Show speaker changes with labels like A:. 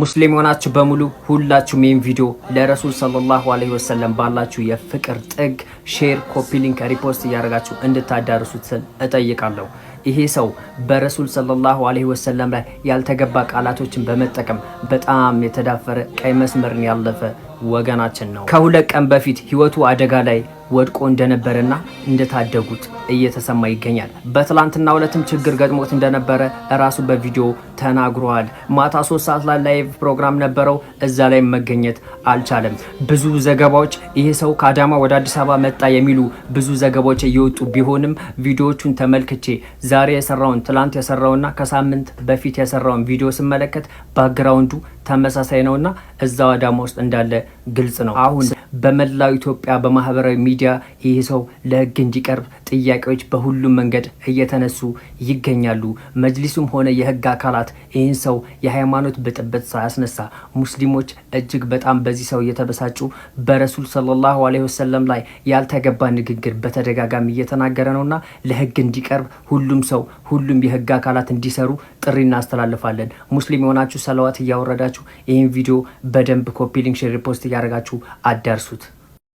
A: ሙስሊም የሆናችሁ በሙሉ ሁላችሁም ይህን ቪዲዮ ለረሱል ሰለላሁ አለይሂ ወሰለም ባላችሁ የፍቅር ጥግ ሼር፣ ኮፒ ሊንክ፣ ሪፖስት እያደረጋችሁ እንድታዳርሱት ስል እጠይቃለሁ። ይሄ ሰው በረሱል ሰለላሁ አለይሂ ወሰለም ላይ ያልተገባ ቃላቶችን በመጠቀም በጣም የተዳፈረ ቀይ መስመርን ያለፈ ወገናችን ነው። ከሁለት ቀን በፊት ህይወቱ አደጋ ላይ ወድቆ እንደነበረና እንደታደጉት እየተሰማ ይገኛል። በትላንትና ሁለትም ችግር ገጥሞት እንደነበረ እራሱ በቪዲዮ ተናግሯል። ማታ ሶስት ሰዓት ላይ ላይቭ ፕሮግራም ነበረው እዛ ላይ መገኘት አልቻለም። ብዙ ዘገባዎች ይሄ ሰው ከአዳማ ወደ አዲስ አበባ መጣ የሚሉ ብዙ ዘገባዎች እየወጡ ቢሆንም ቪዲዮዎቹን ተመልክቼ ዛሬ የሰራውን ትላንት የሰራውና ከሳምንት በፊት የሰራውን ቪዲዮ ስመለከት ባክግራውንዱ ተመሳሳይ ነውና እዛው አዳማ ውስጥ እንዳለ ግልጽ ነው። አሁን በመላው ኢትዮጵያ በማህበራዊ ሚዲያ ይህ ሰው ለህግ እንዲቀርብ ጥያቄዎች በሁሉም መንገድ እየተነሱ ይገኛሉ። መጅሊሱም ሆነ የህግ አካላት ይህን ሰው የሃይማኖት ብጥብጥ ሳያስነሳ ሙስሊሞች እጅግ በጣም በዚህ ሰው እየተበሳጩ በረሱል ሰለላሁ አለይሂ ወሰለም ላይ ያልተገባ ንግግር በተደጋጋሚ እየተናገረ ነውና ለህግ እንዲቀርብ ሁሉም ሰው ሁሉም የህግ አካላት እንዲሰሩ ጥሪ እናስተላልፋለን። ሙስሊም የሆናችሁ ሰለዋት እያወረዳችሁ ይህን ቪዲዮ በደንብ ኮፒ ሊንክ፣ ሼር፣ ሪፖስት እያደረጋችሁ አዳርሱት።